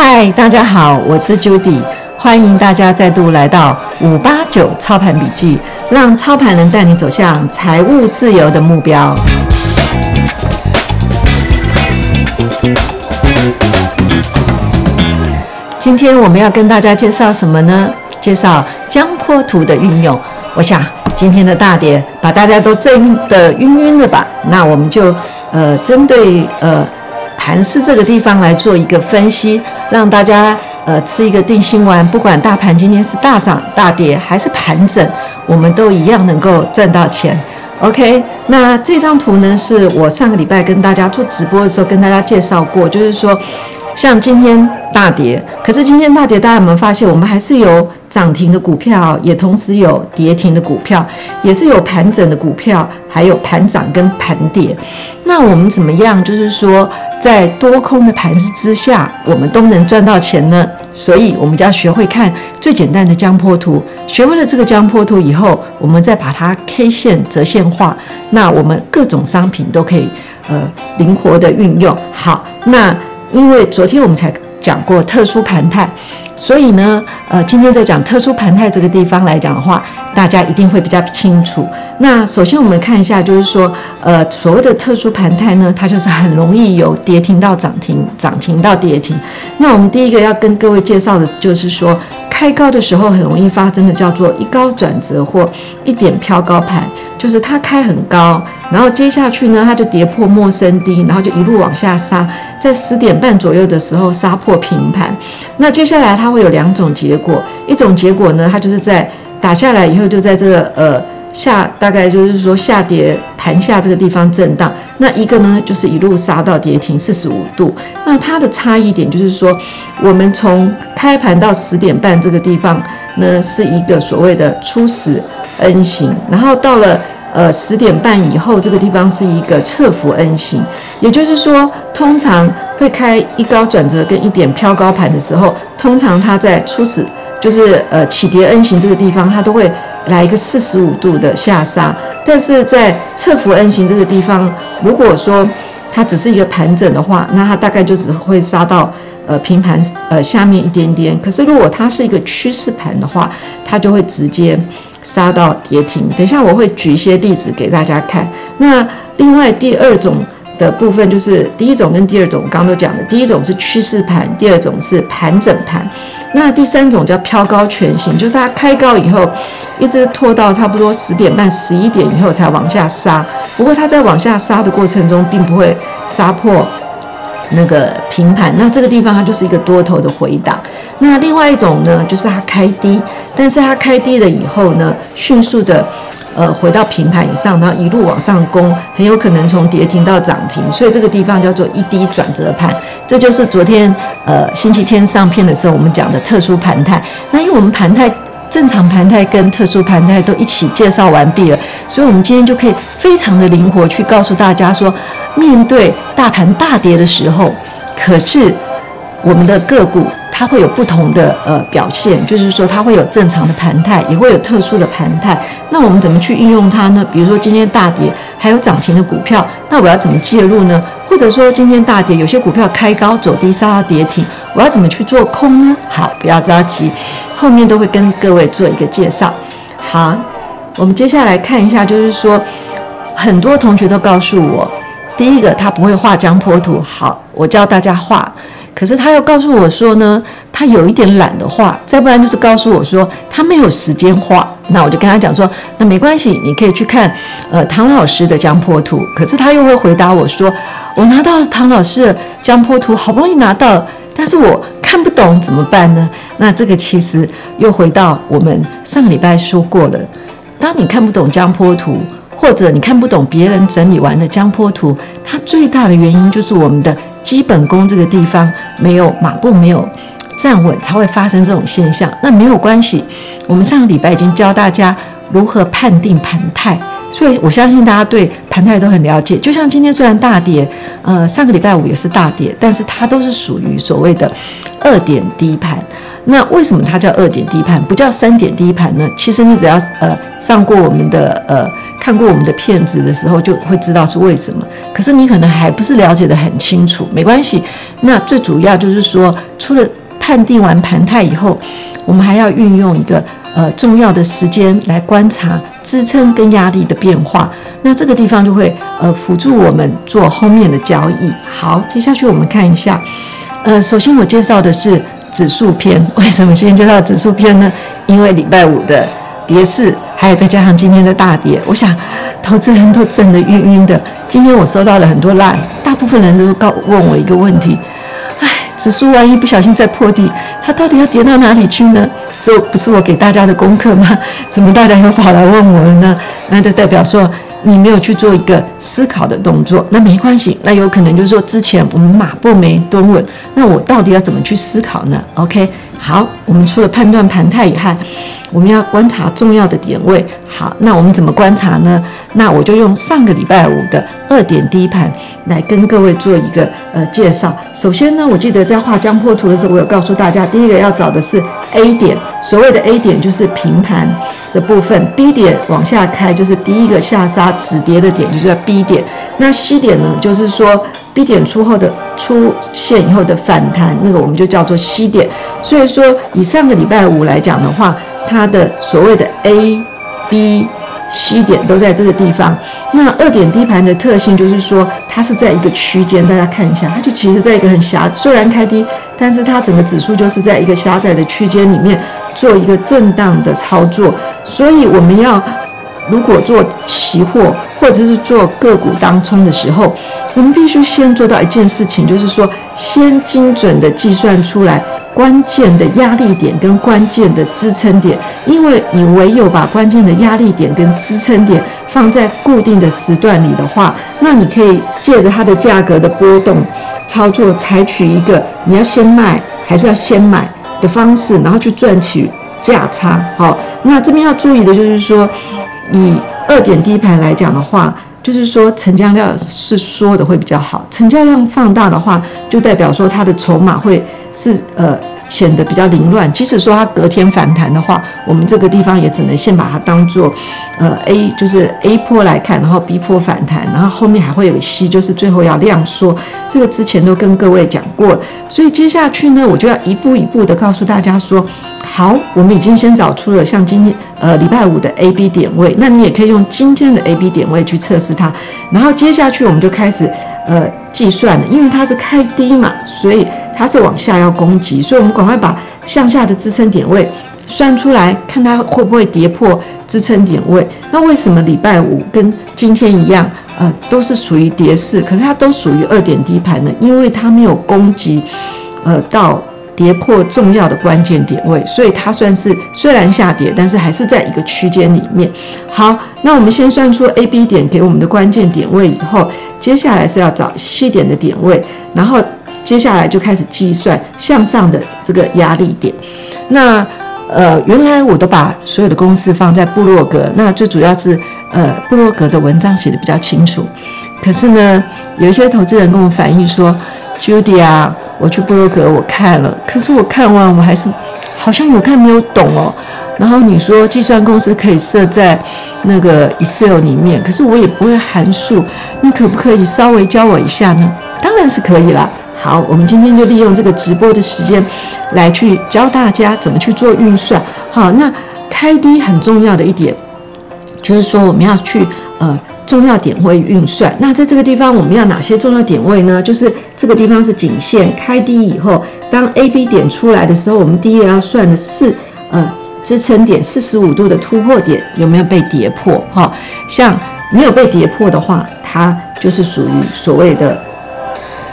嗨，Hi, 大家好，我是 Judy，歡迎大家再度來到五八九操盤筆記，讓操盤人帶你走向財務自由的目標。今天我們要跟大家介紹什麼呢？介紹江波圖的運用。我想今天的大跌把大家都震得暈暈的吧，那我們就呃，針對呃。盤是這個地方來做一個分析，讓大家呃吃一個定心丸。不管大盤今天是大漲、大跌還是盤整，我們都一樣能夠賺到錢。OK，那這張圖呢是我上個禮拜跟大家做直播的時候跟大家介紹過，就是說像今天。大跌，可是今天大跌，大家有沒有發現？我們還是有漲停的股票，也同時有跌停的股票，也是有盤整的股票，還有盤漲跟盤跌。那我們怎麼樣？就是說，在多空的盤子之下，我們都能賺到錢呢？所以，我們就要學會看最簡單的江波圖。學會了這個江波圖以後，我們再把它 K 線折線化。那我們各種商品都可以呃靈活的運用。好，那因為昨天我們才。講過特殊盤態，所以呢，呃，今天在講特殊盤態這個地方來講的話，大家一定會比較清楚。那首先我們看一下，就是說，呃，所謂的特殊盤態呢，它就是很容易有跌停到漲停，漲停到跌停。那我們第一個要跟各位介紹的就是說。開高的時候很容易發生的，叫做一高轉折或一點飄高盤，就是它開很高，然後接下去呢，它就跌破陌生低，然後就一路往下殺，在十點半左右的時候殺破平盤，那接下來它會有兩種結果，一種結果呢，它就是在打下來以後就在這個呃。下大概就是說下跌盤下這個地方震盪，那一個呢就是一路殺到跌停四十五度。那它的差異點就是說，我們從開盤到十點半這個地方呢是一個所謂的初始 N 型，然後到了呃十點半以後這個地方是一個側幅 N 型。也就是說，通常會開一高轉折跟一點飄高盤的時候，通常它在初始就是呃起跌 N 型這個地方，它都會。來一個四十五度的下殺，但是在側幅 N 型這個地方，如果說它只是一個盤整的話，那它大概就只會殺到呃平盤呃下面一點點。可是如果它是一個趨勢盤的話，它就會直接殺到跌停。等一下我會舉一些例子給大家看。那另外第二種的部分就是第一種跟第二種，我剛剛都講的，第一種是趨勢盤，第二種是盤整盤。那第三種叫飄高全形，就是它開高以後，一直拖到差不多十點半、十一點以後才往下殺。不過它在往下殺的過程中，並不會殺破那個平盤。那這個地方它就是一個多頭的回檔。那另外一種呢，就是它開低，但是它開低了以後呢，迅速的。呃，回到平盤以上，然後一路往上攻，很有可能從跌停到漲停，所以這個地方叫做一低轉折盤。這就是昨天呃星期天上片的時候我們講的特殊盤態。那因為我們盤態，正常盤態跟特殊盤態都一起介紹完畢了，所以我們今天就可以非常的靈活去告訴大家說，面對大盤大跌的時候，可是。我們的個股它會有不同的呃表現，就是說它會有正常的盤態，也會有特殊的盤態。那我們怎麼去運用它呢？比如說今天大跌，還有漲停的股票，那我要怎麼介入呢？或者說今天大跌，有些股票開高走低，殺跌停，我要怎麼去做空呢？好，不要着急，後面都會跟各位做一個介紹。好，我們接下來看一下，就是說很多同學都告訴我，第一個他不會畫江波圖。好，我教大家畫。可是他又告訴我說呢，他有一點懶得畫，再不然就是告訴我說他沒有時間畫。那我就跟他講說，那沒關係，你可以去看，呃，唐老師的江波圖。可是他又會回答我說，我拿到唐老師的江波圖，好不容易拿到，但是我看不懂怎麼辦呢？那這個其實又回到我們上個禮拜說過的，當你看不懂江波圖。或者你看不懂別人整理完的江波圖，它最大的原因就是我們的基本功這個地方沒有馬步沒有站穩，才會發生這種現象。那沒有關係，我們上個禮拜已經教大家如何判定盤態，所以我相信大家對盤態都很了解。就像今天雖然大跌，呃，上個禮拜五也是大跌，但是它都是屬於所謂的二點低盤。那為什麼它叫二點低盤，不叫三點低盤呢？其實你只要呃上過我們的呃看過我們的片子的時候，就會知道是為什麼。可是你可能還不是了解得很清楚，沒關係。那最主要就是說，除了判定完盤態以後，我們還要運用一個呃重要的時間來觀察支撐跟壓力的變化。那這個地方就會呃輔助我們做後面的交易。好，接下去我們看一下，呃，首先我介紹的是。指數篇，為什麼今天介紹指數篇呢？因為禮拜五的跌勢，還有再加上今天的大跌，我想投資人都震得暈暈的。今天我收到了很多 Line，大部分人都告問我一個問題：哎，指數萬一不小心再破底，它到底要跌到哪裡去呢？這不是我給大家的功課嗎？怎麼大家又跑來問我了呢？那就代表說。你沒有去做一個思考的動作，那沒關係。那有可能就是說，之前我們馬步沒蹲穩，那我到底要怎麼去思考呢？OK。好，我們除了判斷盤態以外，我們要觀察重要的點位。好，那我們怎麼觀察呢？那我就用上個禮拜五的二點低盤來跟各位做一個呃介紹。首先呢，我記得在畫江波圖的時候，我有告訴大家，第一個要找的是 A 點，所謂的 A 點就是平盤的部分；B 點往下開就是第一個下殺止跌的點，就叫 B 點。那 C 點呢，就是說。B 點出後的出現以後的反彈，那個我們就叫做 C 點。所以說，以上個禮拜五來講的話，它的所謂的 A、B、C 點都在這個地方。那二點低盤的特性就是說，它是在一個區間，大家看一下，它就其實在一個很狹，雖然開低，但是它整個指數就是在一個狹窄的區間裡面做一個震盪的操作。所以我們要如果做期貨。或者是做個股當沖的時候，我們必須先做到一件事情，就是說先精準的計算出來關鍵的壓力點跟關鍵的支撐點，因為你唯有把關鍵的壓力點跟支撐點放在固定的時段裡的話，那你可以借着它的價格的波動操作，採取一個你要先賣還是要先買的方式，然後去賺取價差。好，那這邊要注意的就是說，你。二點第一盤來講的話，就是說成交量是縮的會比較好，成交量放大的話，就代表說它的籌碼會是呃。顯得比較凌亂。即使說它隔天反彈的話，我們這個地方也只能先把它當做，呃，A 就是 A 波來看，然後 B 波反彈，然後後面還會有 C，就是最後要量縮。這個之前都跟各位講過，所以接下去呢，我就要一步一步地告訴大家說，好，我們已經先找出了像今天呃禮拜五的 A B 點位，那你也可以用今天的 A B 點位去測試它。然後接下去我們就開始呃計算了，因為它是開低嘛，所以。它是往下要攻擊，所以我們趕快把向下的支撐點位算出來，看它會不會跌破支撐點位。那為什麼禮拜五跟今天一樣，呃，都是屬於跌勢，可是它都屬於二點低盤呢？因為它沒有攻擊，呃，到跌破重要的關鍵點位，所以它算是雖然下跌，但是還是在一個區間裡面。好，那我們先算出 A、B 點給我們的關鍵點位以後，接下來是要找 C 點的點位，然後。接下來就開始計算向上的這個壓力點。那呃，原來我都把所有的公式放在部落格，那最主要是呃部落格的文章寫的比較清楚。可是呢，有一些投資人跟我反映說，Judy 啊，ia, 我去部落格我看了，可是我看完我還是好像有看沒有懂哦。然後你說計算公式可以設在那個 Excel 裡面，可是我也不會函數，你可不可以稍微教我一下呢？當然是可以啦。好，我們今天就利用這個直播的時間，來去教大家怎麼去做運算。好，那開低很重要的一點，就是說我們要去呃重要點位運算。那在這個地方我們要哪些重要點位呢？就是這個地方是頸線開低以後，當 A、B 點出來的時候，我們第一個要算的是呃支撐點四十五度的突破點有沒有被跌破。哈，像沒有被跌破的話，它就是屬於所謂的。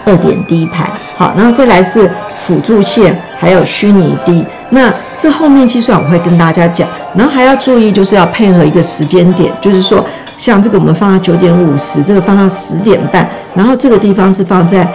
二點低盤，好，然後再來是輔助線，還有虛擬低。那這後面計算我會跟大家講。然後還要注意，就是要配合一個時間點，就是說，像這個我們放到九點五十，這個放到十點半，然後這個地方是放在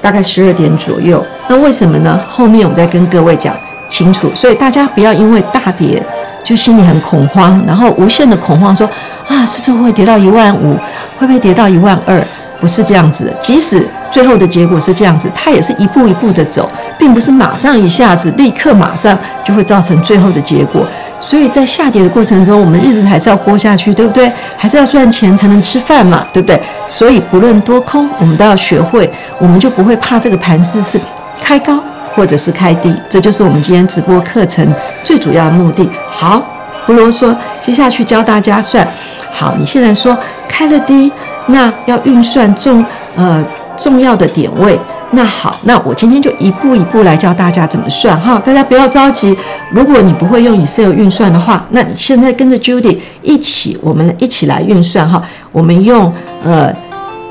大概十二點左右。那為什麼呢？後面我再跟各位講清楚。所以大家不要因為大跌就心裡很恐慌，然後無限的恐慌說啊，是不是會跌到一萬五？會不會跌到一萬二？不是這樣子的，即使最後的結果是這樣子，它也是一步一步的走，並不是馬上一下子立刻馬上就會造成最後的結果。所以在下跌的過程中，我們日子還是要過下去，對不對？還是要賺錢才能吃飯嘛，對不對？所以不論多空，我們都要學會，我們就不會怕這個盤勢是開高或者是開低。這就是我們今天直播課程最主要的目的。好，不囉嗦，接下去教大家算。好，你現在說開了低，那要運算中，呃。重要的點位，那好，那我今天就一步一步來教大家怎麼算哈，大家不要着急。如果你不會用 Excel 運算的話，那你現在跟着 Judy 一起，我們一起來運算哈。我們用呃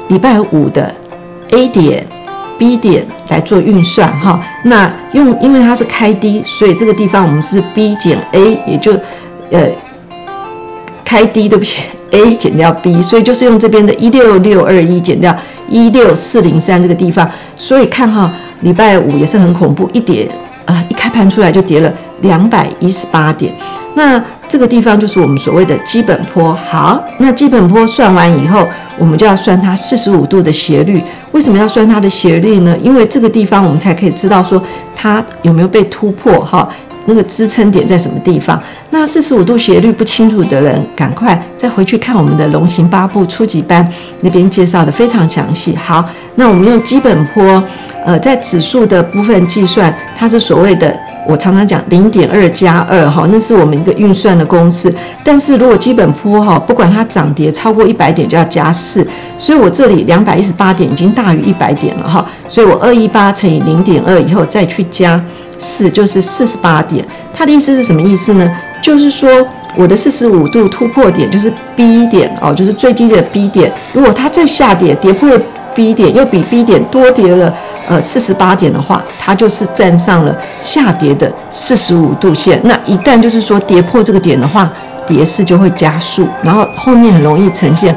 禮拜五的 A 點、B 點來做運算哈。那用因為它是開低，所以這個地方我們是 B 減 A，也就呃開低，對不起。a 減掉 b，所以就是用這邊的一六六二一減掉一六四零三這個地方，所以看哈、哦，禮拜五也是很恐怖，一跌啊、呃，一開盤出來就跌了兩百一十八點。那這個地方就是我們所謂的基本坡。好，那基本坡算完以後，我們就要算它四十五度的斜率。為什麼要算它的斜率呢？因為這個地方我們才可以知道說它有沒有被突破哈。那個支撐點在什麼地方？那四十五度斜率不清楚的人，趕快再回去看我們的《龍行八步初級班》，那邊介紹的非常詳細。好，那我們用基本波，呃，在指數的部分計算，它是所謂的。我常常講零點二加二哈，那是我們一個運算的公式。但是如果基本波哈，不管它漲跌超過一百點就要加四。所以我這裡兩百一十八點已經大於一百點了哈，所以我二一八乘以零點二以後再去加四，就是四十八點。它的意思是什麼意思呢？就是說我的四十五度突破點就是 B 點哦，就是最低的 B 點。如果它再下跌跌破。B 點又比 B 點多跌了，呃，四十八點的話，它就是站上了下跌的四十五度線。那一旦就是說跌破這個點的話，跌勢就會加速，然後後面很容易呈現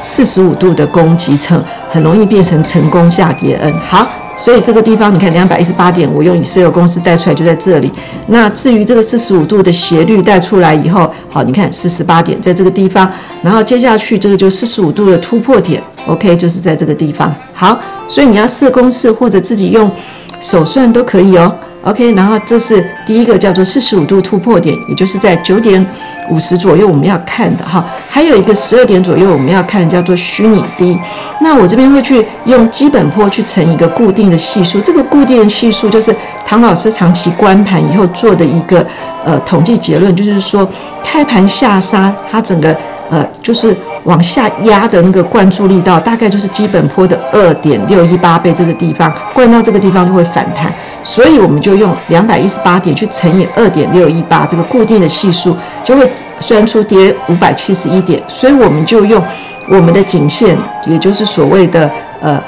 四十五度的攻擊層，很容易變成成功下跌。嗯，好。所以這個地方，你看兩百一十八點，我用 Excel 的公式帶出來就在這裡。那至於這個四十五度的斜率帶出來以後，好，你看四十八點在這個地方，然後接下去這個就四十五度的突破點，OK 就是在這個地方。好，所以你要設公式或者自己用手算都可以哦。OK，然後這是第一個叫做四十五度突破點，也就是在九點五十左右我們要看的哈。還有一個十二點左右我們要看，叫做虛擬低。那我這邊會去用基本波去乘一個固定的係數，這個固定的係數就是唐老師長期觀盤以後做的一個呃統計結論，就是說開盤下殺它整個。呃，就是往下壓的那個灌注力道，大概就是基本波的二點六一八倍，這個地方灌到這個地方就會反彈，所以我們就用兩百一十八點去乘以二點六一八這個固定的係數，就會算出跌五百七十一點。所以我們就用我們的頸線，也就是所謂的呃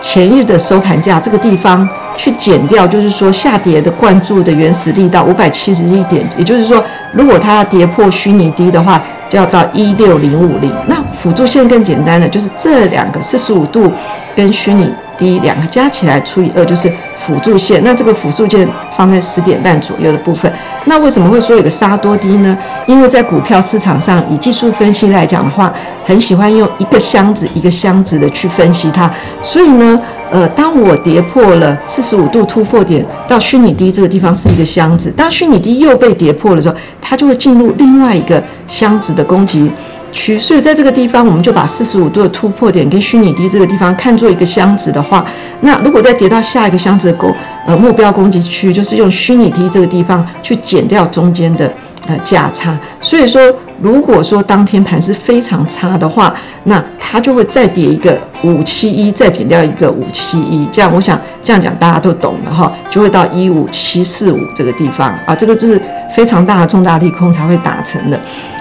前日的收盤價這個地方去減掉，就是說下跌的灌注的原始力道五百七十一點，也就是說，如果它要跌破虛擬低的話，就要到一六零五零，那輔助線更簡單了，就是這兩個四十五度跟虛擬。一兩個加起來除以二就是輔助線，那這個輔助線放在十點半左右的部分。那為什麼會說有個殺多低呢？因為在股票市場上，以技術分析來講的話，很喜歡用一個箱子一個箱子的去分析它。所以呢，呃，當我跌破了四十五度突破點到虛擬低這個地方是一個箱子，當虛擬低又被跌破的時候，它就會進入另外一個箱子的攻擊區，所以在這個地方，我們就把四十五度的突破點跟虛擬低這個地方看作一個箱子的話，那如果再跌到下一個箱子的攻，呃，目標攻擊區就是用虛擬低這個地方去減掉中間的呃價差，所以說。如果說當天盤是非常差的話，那它就會再跌一個五七一，再減掉一個五七一，這樣我想這樣講大家都懂了哈，就會到一五七四五這個地方啊，這個就是非常大的重大利空才會打成的。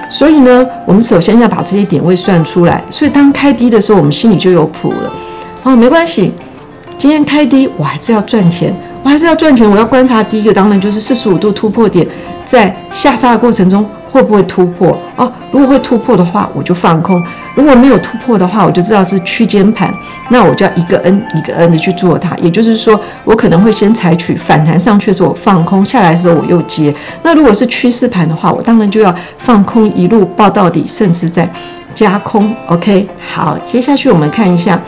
所以呢，我們首先要把這些點位算出來，所以當開低的時候，我們心裡就有譜了。哦，沒關係，今天開低我還是要賺錢，我還是要賺錢。我要觀察第一個，當然就是四十五度突破點，在下殺的過程中，會不會突破？哦，如果會突破的話，我就放空；如果沒有突破的話，我就知道是區間盤，那我就要一個 N 一個 N 的去做它。也就是說，我可能會先採取反彈上去的時候我放空，下來的時候我又接。那如果是趨勢盤的話，我當然就要放空一路抱到底，甚至在加空。OK，好，接下去我們看一下，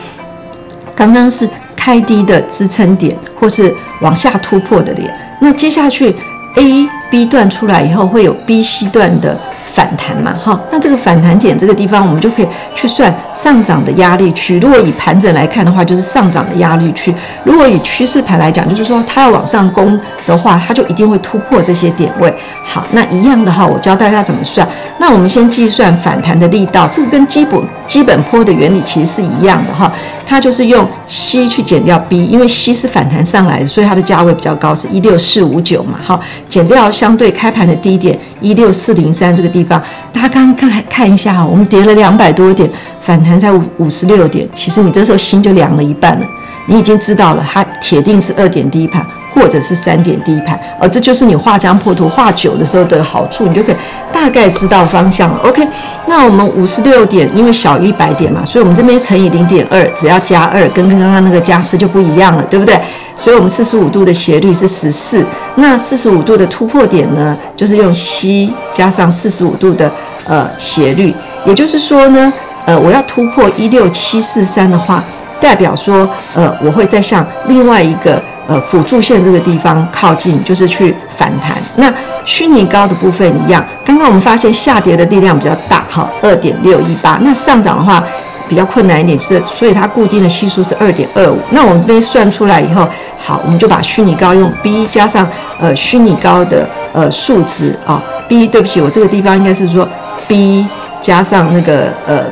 剛剛是開低的支撐點，或是往下突破的點。那接下去。A B 段出來以後，會有 B C 段的反彈嘛？哈，那這個反彈點這個地方，我們就可以去算上漲的壓力區。如果以盤整來看的話，就是上漲的壓力區；如果以趨勢盤來講，就是說它要往上攻的話，它就一定會突破這些點位。好，那一樣的哈，我教大家怎麼算。那我們先計算反彈的力道，這個跟基本。基本波的原理其實是一樣的哈，它就是用 C 去減掉 B，因為 C 是反彈上來的，所以它的價位比較高，是一六四五九嘛。好，減掉相對開盤的低點一六四零三這個地方，大家剛剛來看一下哈，我們跌了兩百多點，反彈才五五十六點，其實你這時候心就涼了一半了，你已經知道了它鐵定是二點低盤。或者是三點第一盤，而這就是你畫江波圖畫久的時候的好處，你就可以大概知道方向了。OK，那我們五十六點，因為小於一百點嘛，所以我們這邊乘以零點二，只要加二，跟剛剛那個加四就不一樣了，對不對？所以，我們四十五度的斜率是十四，那四十五度的突破點呢，就是用 C 加上四十五度的呃斜率，也就是說呢，呃，我要突破一六七四三的話，代表說呃我會再向另外一個。呃，輔助線這個地方靠近，就是去反彈。那虛擬高的部分一樣，剛剛我們發現下跌的力量比較大哈，二點六一八，那上漲的話比較困難一點，是所以它固定的係數是二點二五。那我們這邊算出來以後，好，我們就把虛擬高用 B 加上呃虛擬高的呃數值啊，B 對不起，我這個地方應該是說 B 加上那個呃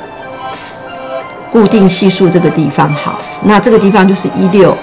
固定係數這個地方好，那這個地方就是一六。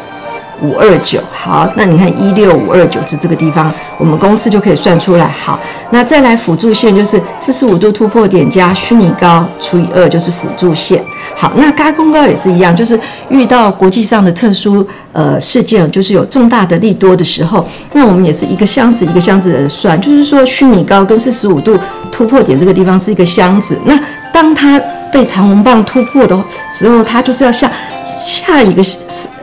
五二九，29, 好，那你看一六五二九是這個地方，我們公式就可以算出來。好，那再來輔助線就是四十五度突破點加虛擬高除以二就是輔助線。好，那該公告也是一樣，就是遇到國際上的特殊呃事件，就是有重大的利多的時候，那我們也是一個箱子一個箱子的算，就是說虛擬高跟四十五度突破點這個地方是一個箱子。那當它被長紅棒突破的時候，它就是要下下一個是。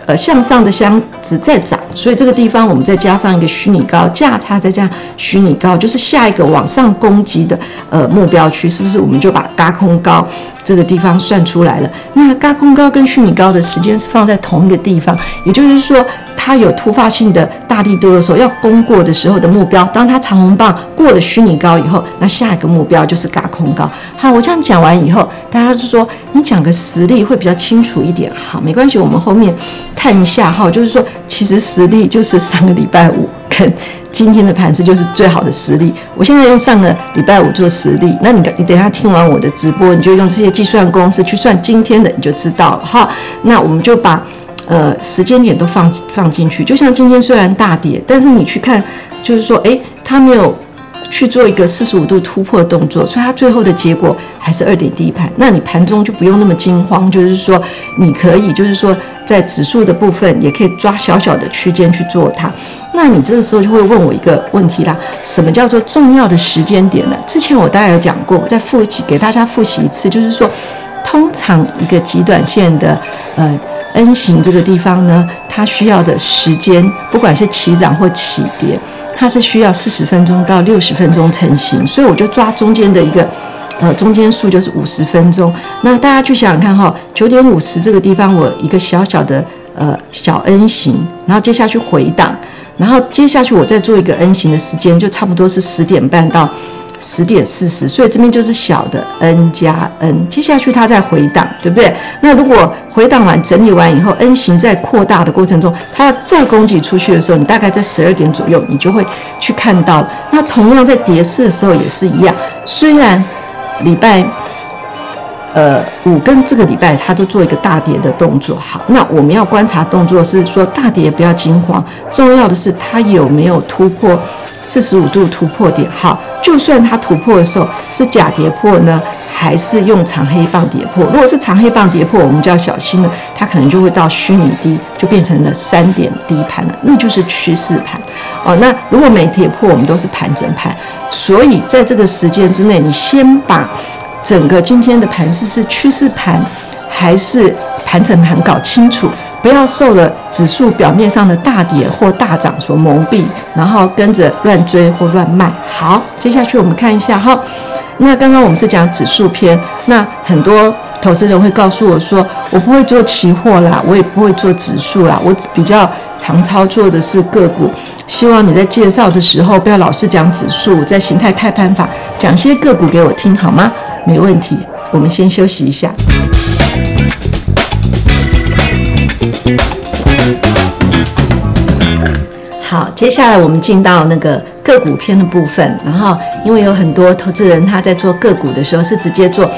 呃，向上的箱子在漲，所以這個地方我們再加上一個虛擬高價差，再加上虛擬高，就是下一個往上攻擊的呃目標區，是不是？我們就把高空高，這個地方算出來了。那嘎空高跟虛擬高的時間是放在同一個地方，也就是說，它有突發性的大力度的時候，要攻過的時候的目標。當它長紅棒過了虛擬高以後，那下一個目標就是嘎空高。好，我這樣講完以後，大家就說你講個實例會比較清楚一點。好，沒關係，我們後面看一下哈。就是說，其實實例就是上個禮拜五。今天的盤勢就是最好的實例。我現在用上個禮拜五做實例，那你你等一下聽完我的直播，你就用這些計算公式去算今天的，你就知道了哈。那我們就把呃時間點都放放進去，就像今天雖然大跌，但是你去看，就是說，誒，它沒有。去做一個四十五度突破動作，所以它最後的結果還是二點低盤。那你盤中就不用那麼驚慌，就是說你可以，就是說在指數的部分也可以抓小小的區間去做它。那你這個時候就會問我一個問題啦：什麼叫做重要的時間點呢？之前我大概有講過，我再複習給大家複習一次，就是說，通常一個極短線的，呃。N 型這個地方呢，它需要的時間，不管是起漲或起跌，它是需要四十分鐘到六十分鐘成型，所以我就抓中間的一個，呃，中間數就是五十分鐘。那大家去想想看哈、哦，九點五十這個地方，我一個小小的呃小 N 型，然後接下去回檔，然後接下去我再做一個 N 型的時間，就差不多是十點半到。十點四十，40, 所以這邊就是小的 N 加 N，接下去它在回檔，對不對？那如果回檔完整理完以後，N 型在擴大的過程中，它要再攻擊出去的時候，你大概在十二點左右，你就會去看到了。那同樣在跌勢的時候也是一樣，雖然禮拜呃五跟這個禮拜它都做一個大跌的動作，好，那我們要觀察動作是說大跌不要驚慌，重要的是它有沒有突破。四十五度突破點，好，就算它突破的時候是假跌破呢，還是用長黑棒跌破？如果是長黑棒跌破，我們就要小心了，它可能就會到虛擬低，就變成了三點低盤了，那就是趨勢盤。哦，那如果沒跌破，我們都是盤整盤。所以在這個時間之內，你先把整個今天的盤勢是，是趨勢盤還是盤整盤搞清楚。不要受了指數表面上的大跌或大漲所蒙蔽，然後跟着亂追或亂賣。好，接下去我們看一下哈。那剛剛我們是講指數篇，那很多投資人會告訴我說：“我不會做期貨啦，我也不會做指數啦，我比較常操作的是個股。”希望你在介紹的時候不要老是講指數，在形態開盤法講些個股給我聽好嗎？沒問題，我們先休息一下。接下來我們進到那個個股篇的部分，然後因為有很多投資人他在做個股的時候是直接做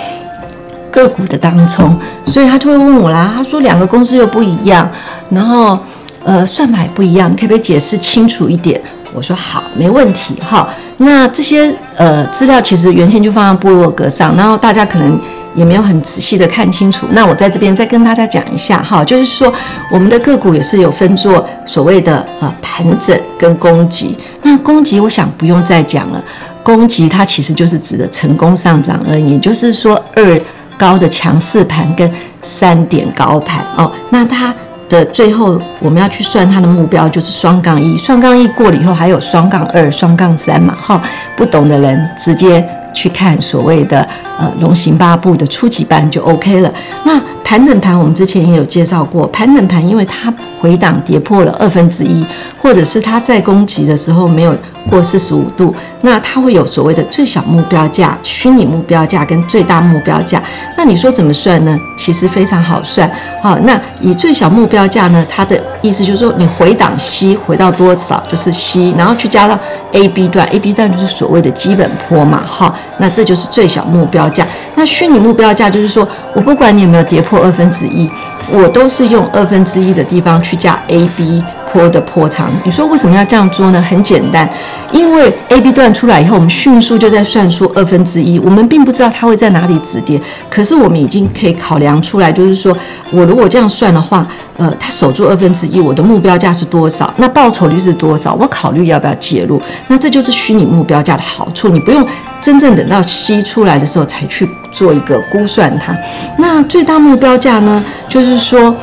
個股的當沖，所以他就會問我啦，他說兩個公司又不一樣，然後呃算法也不一樣，可不可以解釋清楚一點？我說好，沒問題哈、哦。那這些呃資料其實原先就放在部落格上，然後大家可能。也沒有很仔細的看清楚，那我在這邊再跟大家講一下哈，就是說我們的個股也是有分做所謂的呃盤整跟攻擊。那攻擊我想不用再講了，攻擊它其實就是指的成功上漲而已，也就是說二高的強勢盤跟三點高盤哦。那它的最後我們要去算它的目標就是雙槓一，雙槓一過了以後還有雙槓二、雙槓三嘛哈。不懂的人直接。去看所謂的呃《龍行八部》的初級班就 OK 了。那盤整盤我們之前也有介紹過，盤整盤因為它。回檔跌破了二分之一，或者是它在攻擊的時候沒有過四十五度，那它會有所謂的最小目標價、虛擬目標價跟最大目標價。那你說怎麼算呢？其實非常好算，好，那以最小目標價呢，它的意思就是說你回檔 C 回到多少就是 C，然後去加上 A B 段，A B 段就是所謂的基本波嘛，好，那這就是最小目標價。那虛擬目標價就是說我不管你有沒有跌破二分之一，我都是用二分之一的地方。去加 A B 波的波長，你說為什麼要這樣做呢？很簡單，因為 A B 段出來以後，我們迅速就在算出二分之一，我們並不知道它會在哪裡止跌，可是我們已經可以考量出來，就是說我如果這樣算的話，呃，它守住二分之一，我的目標價是多少？那報酬率是多少？我考慮要不要介入？那這就是虛擬目標價的好處，你不用真正等到 C 出來的時候才去做一個估算它。那最大目標價呢？就是說。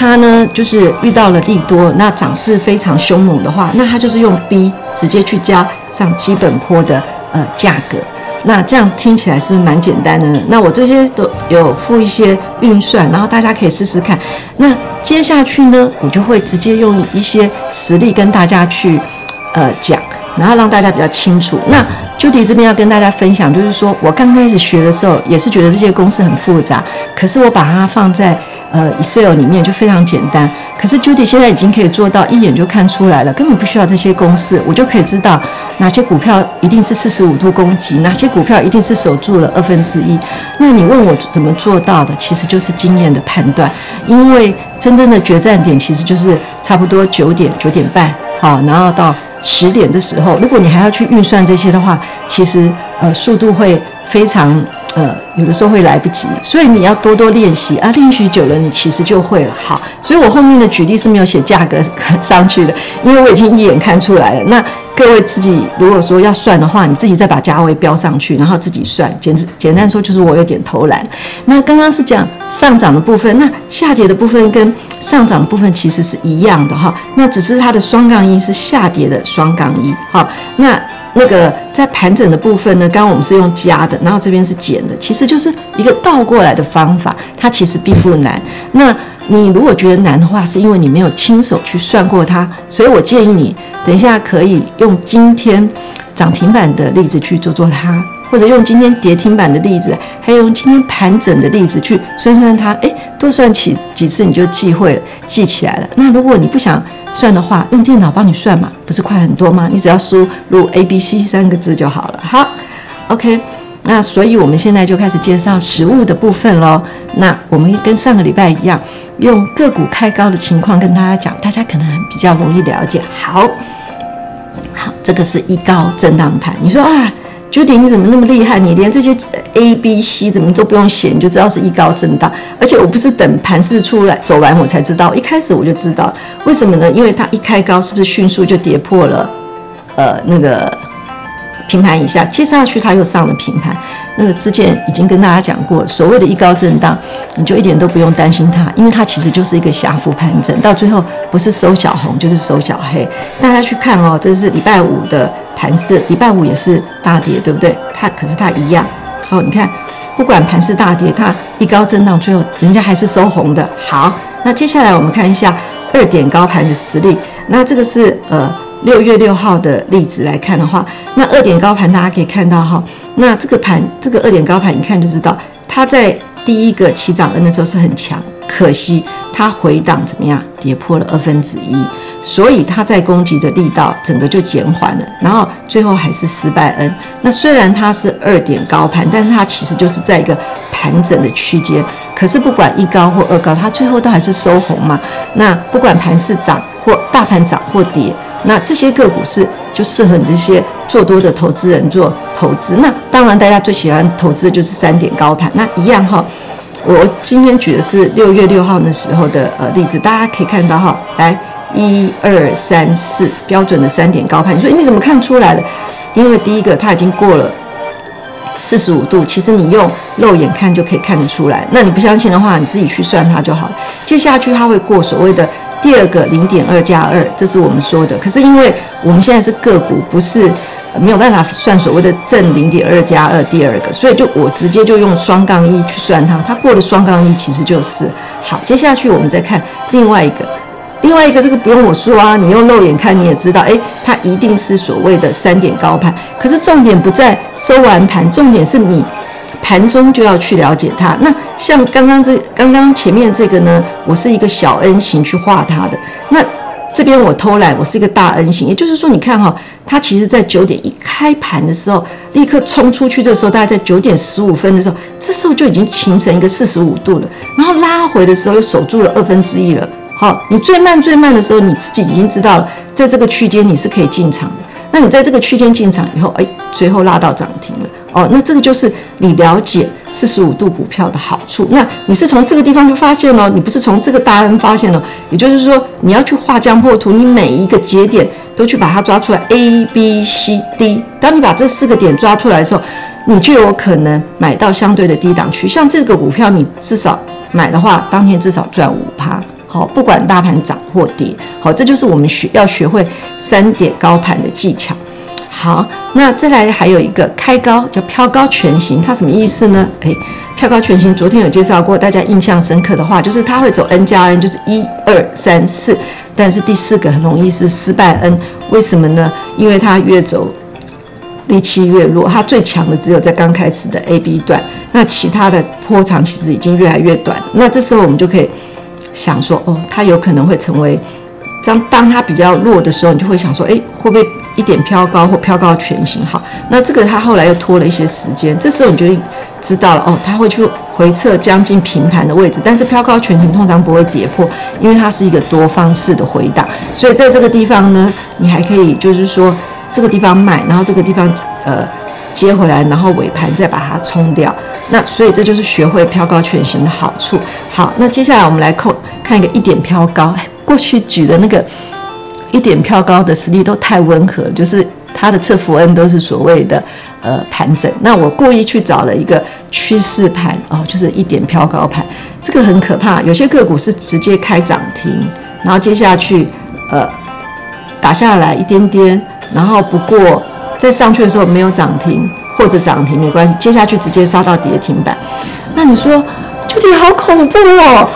它呢，就是遇到了利多，那漲勢非常凶猛的話，那它就是用 B 直接去加上基本波的呃價格，那這樣聽起來是不是蠻簡單的呢？那我這些都有附一些運算，然後大家可以試試看。那接下去呢，我就會直接用一些實例跟大家去呃講，然後讓大家比較清楚。那 Judy 這邊要跟大家分享，就是說我剛開始學的時候，也是覺得這些公式很複雜，可是我把它放在呃 Excel 裡面就非常簡單。可是 Judy 現在已經可以做到一眼就看出來了，根本不需要這些公式，我就可以知道哪些股票一定是四十五度攻擊，哪些股票一定是守住了二分之一，那你問我怎麼做到的，其實就是經驗的判斷，因為真正的決戰點其實就是差不多九點九點半，好，然後到。十點的時候，如果你還要去運算這些的話，其實呃速度會非常呃有的時候會來不及，所以你要多多練習啊。練習久了，你其實就會了。好，所以我後面的舉例是沒有寫價格上去的，因為我已經一眼看出來了。那。各位自己如果說要算的話，你自己再把價位標上去，然後自己算。簡直簡單說就是我有點偷懶。那剛剛是講上漲的部分，那下跌的部分跟上漲的部分其實是一樣的哈，那只是它的雙槓一，是下跌的雙槓一。好，那那個在盤整的部分呢，剛剛我們是用加的，然後這邊是減的，其實就是一個倒過來的方法，它其實並不難。那。你如果覺得難的話，是因為你沒有親手去算過它，所以我建議你等一下可以用今天漲停板的例子去做做它，或者用今天跌停板的例子，還有用今天盤整的例子去算算它，哎，多算幾幾次你就記會了，記起來了。那如果你不想算的話，用電腦幫你算嘛，不是快很多嗎？你只要輸入 A B C 三個字就好了，好，OK。那所以我們現在就開始介紹實務的部分嘍。那我們跟上個禮拜一樣，用個股開高的情況跟大家講，大家可能比較容易了解。好，好，這個是一高震盪盤。你說啊，Judy 你怎麼那麼厲害？你連這些 A、B、C 怎麼都不用寫，你就知道是一高震盪。而且我不是等盤勢出來走完我才知道，一開始我就知道。為什麼呢？因為它一開高是不是迅速就跌破了？呃，那個。平盤以下，接下去它又上了平盤。那、呃、個之前已經跟大家講過，所謂的“一高震盪”，你就一點都不用擔心它，因為它其實就是一個狹幅盤整，到最後不是收小紅就是收小黑。大家去看哦，這是禮拜五的盤勢，禮拜五也是大跌，對不對？它可是它一樣哦。你看，不管盤勢大跌，它一高震盪，最後人家還是收紅的。好，那接下來我們看一下二點高盤的實力，那這個是呃。六月六號的例子來看的話，那二點高盤，大家可以看到哈，那這個盤，這個二點高盤，你看就知道，它在第一個起漲的時候是很強，可惜它回檔怎麼樣，跌破了二分之一，2, 所以它在攻擊的力道整個就減緩了，然後最後還是失敗嗯，那雖然它是二點高盤，但是它其實就是在一個。盤整的區間，可是不管一高或二高，它最後都還是收紅嘛。那不管盤是漲或大盤漲或跌，那這些個股是就適合你這些做多的投資人做投資。那當然，大家最喜歡投資的就是三點高盤。那一樣哈，我今天舉的是六月六號那時候的呃例子，大家可以看到哈，來一二三四，1, 2, 3, 4, 標準的三點高盤。你說、欸、你怎麼看出來的？因為第一個它已經過了。四十五度，其實你用肉眼看就可以看得出來。那你不相信的話，你自己去算它就好了。接下去它會過所謂的第二個零點二加二，這是我們說的。可是因為我們現在是個股，不是沒有辦法算所謂的正零點二加二第二個，所以就我直接就用雙槓一去算它。它過了雙槓一，其實就是好。接下去我們再看另外一個。另外一個，這個不用我說啊，你用肉眼看你也知道，哎，它一定是所謂的三點高盤。可是重點不在收完盤，重點是你盤中就要去了解它。那像剛剛這剛剛前面這個呢，我是一個小 N 形去畫它的。那這邊我偷懶，我是一個大 N 形。也就是說，你看哈，它其實在九點一開盤的時候，立刻衝出去的時候，大概在九點十五分的時候，這時候就已經形成一個四十五度了，然後拉回的時候又守住了二分之一了。好、哦，你最慢最慢的時候，你自己已經知道了，在這個區間你是可以進場的。那你在這個區間進場以後，哎、欸，隨後拉到漲停了。哦，那這個就是你了解四十五度股票的好處。那你是從這個地方就發現了，你不是從這個大 N 發現了？也就是說，你要去畫江波圖，你每一個節點都去把它抓出來，A、B、C、D。當你把這四個點抓出來的時候，你就有可能買到相對的低檔區，像這個股票，你至少買的話，當天至少賺五趴。好，不管大盤漲或跌，好，這就是我們學要學會三點高盤的技巧。好，那再來還有一個開高叫飄高全形，它什麼意思呢？誒，飄高全形，昨天有介紹過，大家印象深刻的話，就是它會走 n 加 n，就是一二三四，但是第四個很容易是失敗 n，為什麼呢？因為它越走力氣越弱，它最強的只有在剛開始的 A B 段，那其他的波長其實已經越來越短，那這時候我們就可以。想說哦，它有可能會成為這樣。當它比較弱的時候，你就會想說，誒，會不會一點飄高或飄高全行？好，那這個它後來又拖了一些時間。這時候你就知道了哦，它會去回撤將近平盤的位置。但是飄高全行通常不會跌破，因為它是一個多方式的回檔。所以在這個地方呢，你還可以就是說，這個地方賣，然後這個地方呃。接回來，然後尾盤再把它沖掉。那所以這就是學會飄高全行的好處。好，那接下來我們來看一個一點飄高、哎。過去舉的那個一點飄高的實力都太溫和了，就是它的側幅恩都是所謂的呃盤整。那我故意去找了一個趨勢盤哦，就是一點飄高盤，這個很可怕。有些個股是直接開漲停，然後接下去呃打下來一點點，然後不過。再上去的時候沒有漲停，或者漲停沒關係，接下去直接殺到跌停板。那你說，究竟好恐怖哦！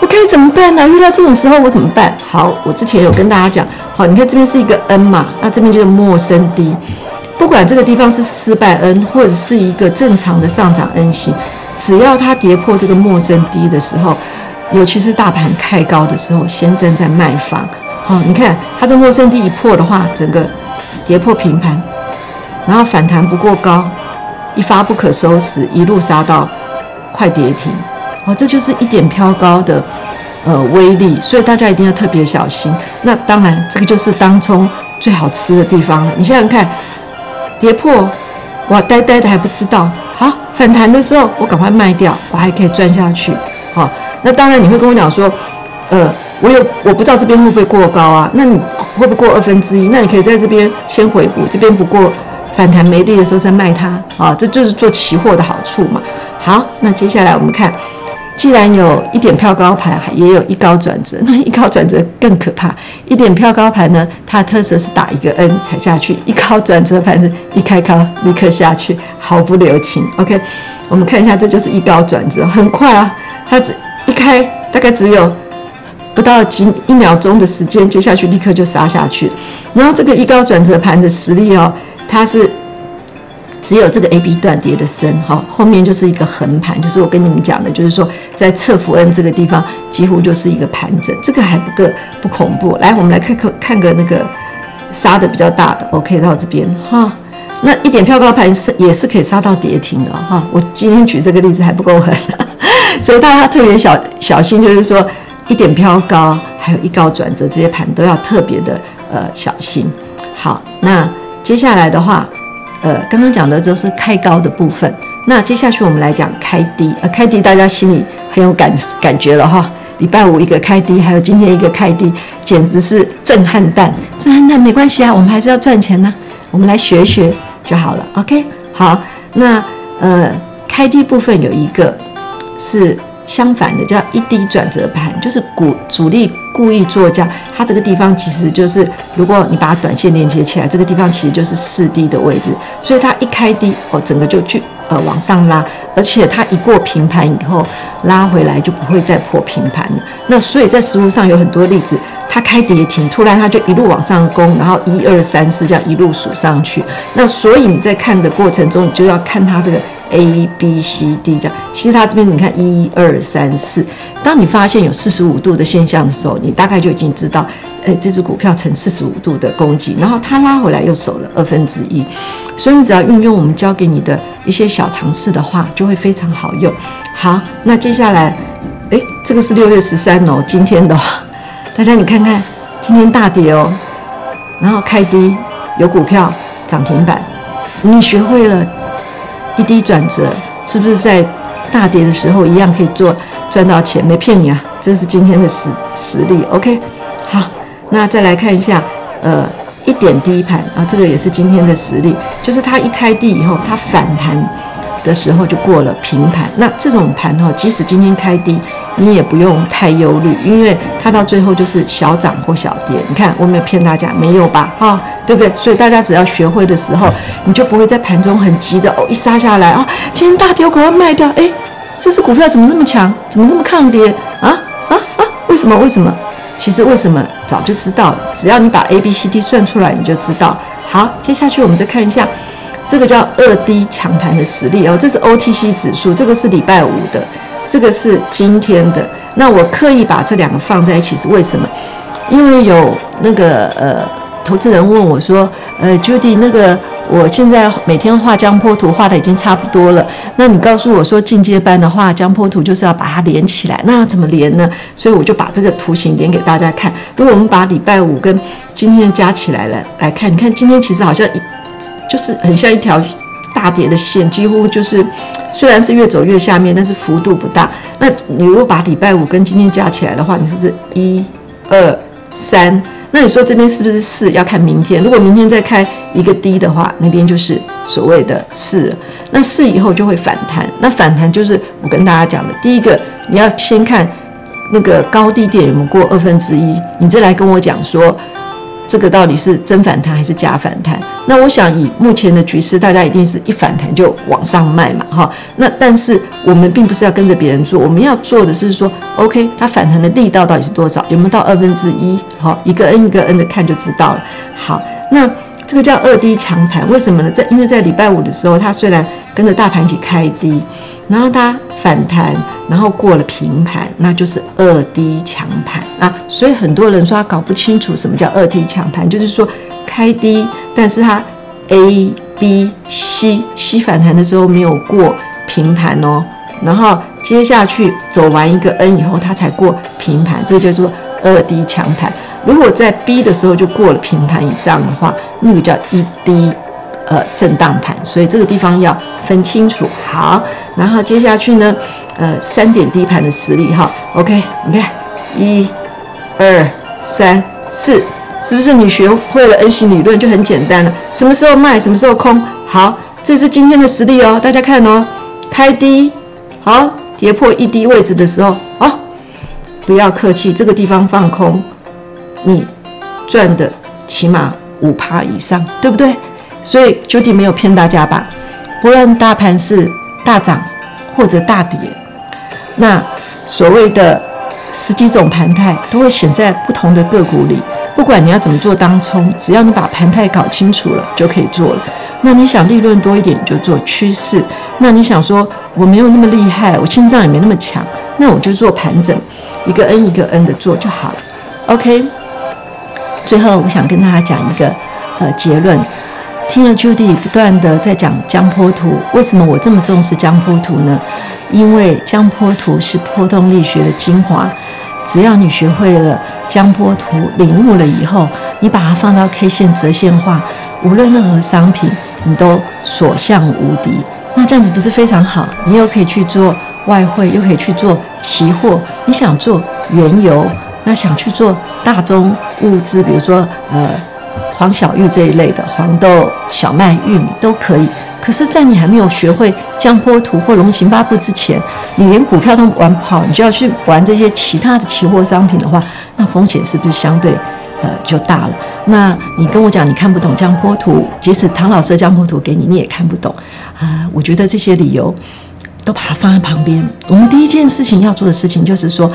我該怎麼辦呢、啊？遇到這種時候我怎麼辦？好，我之前有跟大家講，好，你看這邊是一個 N 嘛，那這邊就是陌生低。不管這個地方是失敗 N，或者是一個正常的上漲 N 型，只要它跌破這個陌生低的時候，尤其是大盤開高的時候，先站在賣方。好，你看它這陌生低一破的話，整個跌破平盤。然後反彈不過高，一發不可收拾，一路殺到快跌停哦，這就是一點飄高的呃威力，所以大家一定要特別小心。那當然，這個就是當中最好吃的地方了。你想想看，跌破，我呆呆的還不知道，好、啊、反彈的時候，我趕快賣掉，我還可以賺下去。好、哦，那當然你會跟我講說，呃，我有我不知道這邊會不會過高啊？那你會不會過二分之一？2? 那你可以在這邊先回補，這邊不過。反彈沒力的時候再賣它啊，哦，這就是做期貨的好處嘛。好，那接下來我們看，既然有一點票高盤，也有一高轉折，那一高轉折更可怕。一點票高盤呢，它的特色是打一個 N 才下去；一高轉折盤是一開高立刻下去，毫不留情。OK，我們看一下，這就是一高轉折，很快啊，它只一開大概只有不到幾一秒鐘的時間，接下去立刻就殺下去。然後這個一高轉折盤的實力哦。它是只有這個 A B 段跌的深，好，後面就是一個橫盤，就是我跟你們講的，就是說在側福恩這個地方，幾乎就是一個盤整。這個還不夠不恐怖，來，我們來看看看個那個殺的比較大的，OK，到這邊哈、哦，那一點飄高盤是也是可以殺到跌停的哈、哦。我今天舉這個例子還不夠狠，所以大家特別小小心，就是說一點飄高，還有一高轉折，這些盤都要特別的呃小心。好，那。接下來的話，呃，剛剛講的都是開高的部分。那接下去我們來講開低，呃，開低大家心裡很有感感覺了哈。禮拜五一個開低，還有今天一個開低，簡直是震撼彈！震撼彈，沒關係啊，我們還是要賺錢吶，啊。我們來學一學就好了，OK？好，那呃，開低部分有一個是。相反的叫一低轉折盤，就是股主力故意做這樣，它這個地方其實就是，如果你把它短線連接起來，這個地方其實就是四低的位置，所以它一開低，哦，整個就去呃往上拉，而且它一過平盤以後，拉回來就不會再破平盤了。那所以在實務上有很多例子，它開跌停，突然它就一路往上攻，然後一二三四這樣一路數上去，那所以你在看的過程中你就要看它這個。a b c d 這樣，其實它這邊你看一二三四，當你發現有四十五度的現象的時候，你大概就已經知道，哎、欸，這只股票呈四十五度的攻擊，然後它拉回來又守了二分之一，所以你只要運用我們教給你的一些小常識的話，就會非常好用。好，那接下來，哎、欸，這個是六月十三哦，今天的、哦，大家你看看，今天大跌哦，然後開低，有股票漲停板，你學會了。一低轉折是不是在大跌的時候一樣可以做賺到錢？沒騙你啊，這是今天的實實力。OK，好，那再來看一下，呃，一點低盤啊，這個也是今天的實力，就是它一開低以後，它反彈的時候就過了平盤。那這種盤哈，即使今天開低。你也不用太憂慮，因為它到最後就是小漲或小跌。你看，我沒有騙大家，沒有吧？哈、哦，對不對？所以大家只要學會的時候，你就不會在盤中很急的哦，一殺下來啊、哦，今天大跌，趕快賣掉。哎，這隻股票怎麼這麼強？怎麼這麼抗跌？啊啊啊！為什麼？為什麼？其實為什麼早就知道了，只要你把 A B C D 算出來，你就知道。好，接下去我們再看一下這個叫二低強盤的實力哦，這是 O T C 指數，這個是禮拜五的。這個是今天的。那我刻意把這兩個放在一起是為什麼？因為有那個呃投資人問我說：“呃，Judy，那個我現在每天畫江波圖畫的已經差不多了，那你告訴我說進階班的話，江波圖就是要把它連起來，那怎麼連呢？”所以我就把這個圖形連給大家看。如果我們把禮拜五跟今天加起來了來看，你看今天其實好像一就是很像一條。大跌的線幾乎就是，雖然是越走越下面，但是幅度不大。那你如果把禮拜五跟今天加起來的話，你是不是一、二、三？那你說這邊是不是四？要看明天。如果明天再開一個低的話，那邊就是所謂的四。那四以後就會反彈。那反彈就是我跟大家講的第一個，你要先看那個高低點有沒有過二分之一，2，你再來跟我講說。這個到底是真反彈還是假反彈？那我想以目前的局勢，大家一定是一反彈就往上賣嘛，哈、哦。那但是我們並不是要跟着別人做，我們要做的是說，OK，它反彈的力道到底是多少？有沒有到二分之一？好、哦，一個 N 一個 N 的看就知道了。好，那這個叫二低強盤，為什麼呢？在因為在禮拜五的時候，它雖然跟着大盤一起開低，然後它反彈，然後過了平盤，那就是。二低強盤啊，所以很多人說他搞不清楚什麼叫二低強盤，就是說開低，但是他 A B C C 反彈的時候沒有過平盤哦，然後接下去走完一個 N 以後，他才過平盤，這就是二低強盤。如果在 B 的時候就過了平盤以上的話，那個叫一低。呃，震盪盤，所以這個地方要分清楚。好，然後接下去呢，呃，三點低盤的實力哈、哦。OK，你看，一、二、三、四，是不是你學會了 N 型理論就很簡單了？什麼時候賣，什麼時候空？好，這是今天的實力哦，大家看哦，開低，好，跌破一低位置的時候，哦，不要客氣，這個地方放空，你賺的起碼五趴以上，對不對？所以，究竟沒有騙大家吧？不論大盤是大漲或者大跌，那所謂的十幾種盤態都會顯在不同的個股裡。不管你要怎麼做當沖，只要你把盤態搞清楚了，就可以做了。那你想利潤多一點，你就做趨勢；那你想說我沒有那麼厲害，我心臟也沒那麼強，那我就做盤整，一個 N 一個 N 的做就好了。OK。最後，我想跟大家講一個呃結論。聽了 Judy 不斷的在講江波圖，為什麼我這麼重視江波圖呢？因為江波圖是波動力學的精華，只要你學會了江波圖，領悟了以後，你把它放到 K 線折線化，無論任何商品，你都所向無敵。那這樣子不是非常好？你又可以去做外匯，又可以去做期貨，你想做原油，那想去做大宗物資，比如說呃。黃小玉這一類的黃豆、小麥、玉米都可以，可是，在你還沒有學會江波圖或龍形八步之前，你連股票都玩不好，你就要去玩這些其他的期貨商品的話，那風險是不是相對，呃，就大了？那你跟我講，你看不懂江波圖，即使唐老師的江波圖給你，你也看不懂。啊、呃，我覺得這些理由都把它放在旁邊。我們第一件事情要做的事情就是說。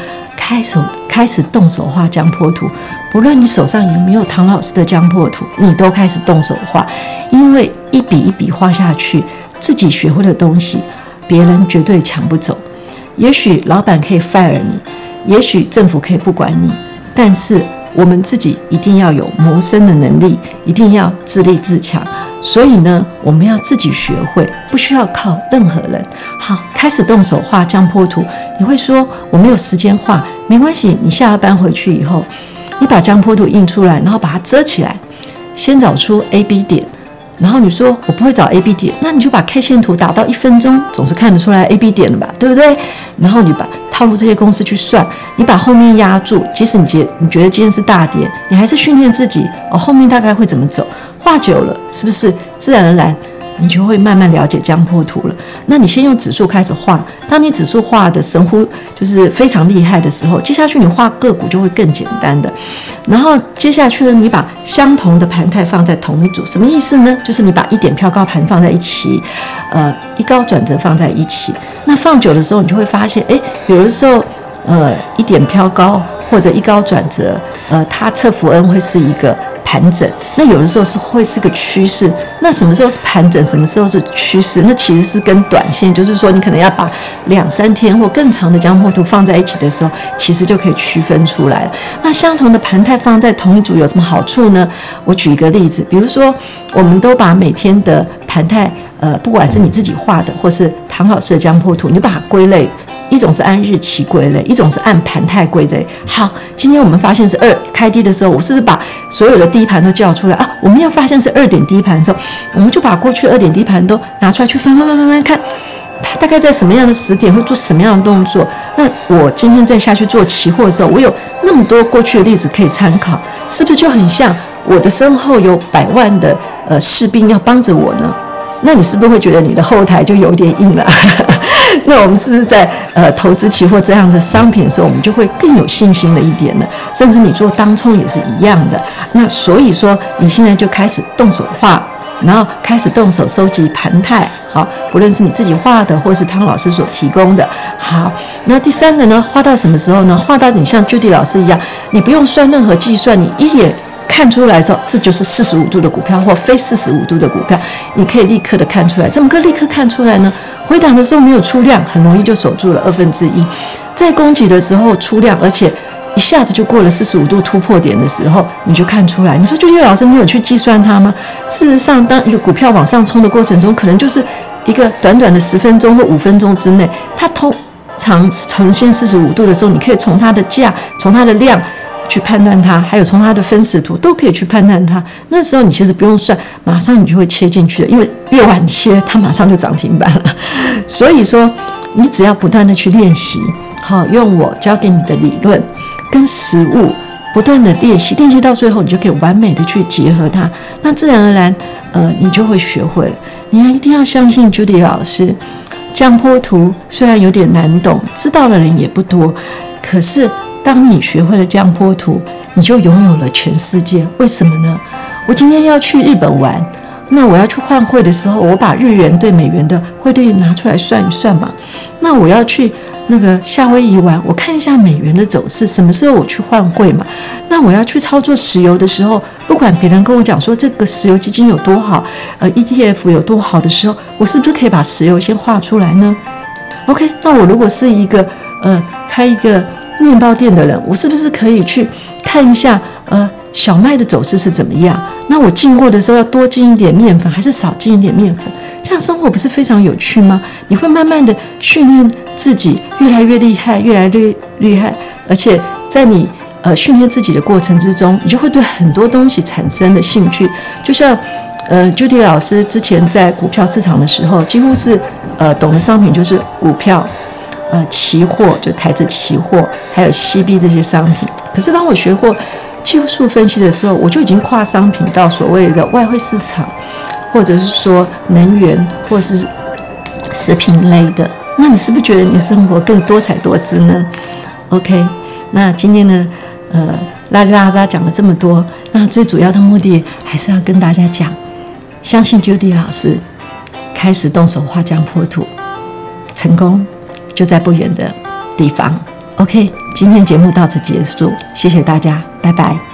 開始開始動手畫江波圖，不論你手上有沒有唐老師的江波圖，你都開始動手畫，因為一筆一筆畫下去，自己學會的東西，別人絕對搶不走。也許老闆可以 fire 你，也許政府可以不管你，但是我們自己一定要有謀生的能力，一定要自立自強。所以呢，我們要自己學會，不需要靠任何人。好，開始動手畫江波圖。你會說我沒有時間畫，沒關係，你下了班回去以後，你把江波圖印出來，然後把它遮起來，先找出 A、B 點。然後你說我不會找 A、B 點，那你就把 K 線圖打到一分鐘，總是看得出來 A、B 點的吧，對不對？然後你把套入這些公式去算，你把後面壓住，即使你覺你覺得今天是大跌，你還是訓練自己，哦，後面大概會怎麼走？畫久了，是不是自然而然你就會慢慢了解江波圖了？那你先用指數開始畫，當你指數畫的神乎就是非常厲害的時候，接下去你畫個股就會更簡單的。然後接下去呢，你把相同的盤態放在同一組，什麼意思呢？就是你把一點飄高盤放在一起，呃，一高轉折放在一起。那放久的時候，你就會發現，誒、欸，有的時候，呃，一點飄高或者一高轉折，呃，它測幅恩會是一個。盤整，那有的時候是會是個趨勢，那什麼時候是盤整，什麼時候是趨勢？那其實是跟短線，就是說你可能要把兩三天或更長的江波圖放在一起的時候，其實就可以區分出來了。那相同的盤態放在同一組有什麼好處呢？我舉一個例子，比如說我們都把每天的盤態，呃，不管是你自己畫的，或是唐老師的江波圖，你把它歸類。一種是按日期歸類，一種是按盤態歸類。好，今天我們發現是二開低的時候，我是不是把所有的低盤都叫出來啊？我們要發現是二點低盤的時候，我們就把過去二點低盤都拿出來去翻翻翻翻翻看，它大概在什麼樣的時點會做什麼樣的動作？那我今天再下去做期貨的時候，我有那麼多過去的例子可以參考，是不是就很像我的身後有百萬的呃士兵要幫着我呢？那你是不是會覺得你的後台就有點硬了？ 那我們是不是在呃投資期貨這樣的商品的時候，我們就會更有信心了一點呢？甚至你做當沖也是一樣的。那所以說，你現在就開始動手畫，然後開始動手收集盤態，好，不論是你自己畫的，或是湯老師所提供的。好，那第三個呢？畫到什麼時候呢？畫到你像 Judy 老師一樣，你不用算任何計算，你一眼，看出來的時候，這就是四十五度的股票或非四十五度的股票，你可以立刻的看出來。怎麼個立刻看出來呢？回檔的時候沒有出量，很容易就守住了二分之一；在攻擊的時候出量，而且一下子就過了四十五度突破點的時候，你就看出來。你說，俊杰老師，你有去計算它嗎？事實上，當一個股票往上衝的過程中，可能就是一個短短的十分鐘或五分鐘之內，它通常呈現四十五度的時候，你可以從它的價、從它的量。去判斷它，還有從它的分時圖都可以去判斷它。那時候你其實不用算，馬上你就會切進去的，因為越晚切，它馬上就漲停板了。 所以說，你只要不斷的去練習，好、哦、用我教給你的理論跟實務不斷的練習，練習到最後，你就可以完美的去結合它。那自然而然，呃，你就會學會了。你一定要相信 Judy 老師，江波圖雖然有點難懂，知道的人也不多，可是，當你學會了江波圖，你就擁有了全世界。為什麼呢？我今天要去日本玩，那我要去換匯的時候，我把日元對美元的匯率拿出來算一算嘛。那我要去那個夏威夷玩，我看一下美元的走勢，什麼時候我去換匯嘛？那我要去操作石油的時候，不管別人跟我講說這個石油基金有多好，呃，ETF 有多好的時候，我是不是可以把石油先畫出來呢？OK，那我如果是一個呃，開一個。麵包店的人，我是不是可以去看一下？呃，小麥的走勢是怎麼樣？那我進貨的時候要多進一點麵粉，還是少進一點麵粉？這樣生活不是非常有趣嗎？你會慢慢的訓練自己，越來越厲害，越來越厲害。而且在你呃訓練自己的過程之中，你就會對很多東西產生了興趣。就像呃，Judy 老師之前在股票市場的時候，幾乎是呃懂的商品就是股票。呃，期貨就台指期貨，還有西幣這些商品。可是當我學過技術分析的時候，我就已經跨商品到所謂的外匯市場，或者是說能源，或是食品類的。那你是不是覺得你生活更多彩多姿呢？OK，那今天呢，呃，拉里拉雜講了這麼多，那最主要的目的還是要跟大家講，相信 Judy 老師，開始動手畫江波圖，成功。就在不遠的地方。OK，今天節目到此結束，謝謝大家，拜拜。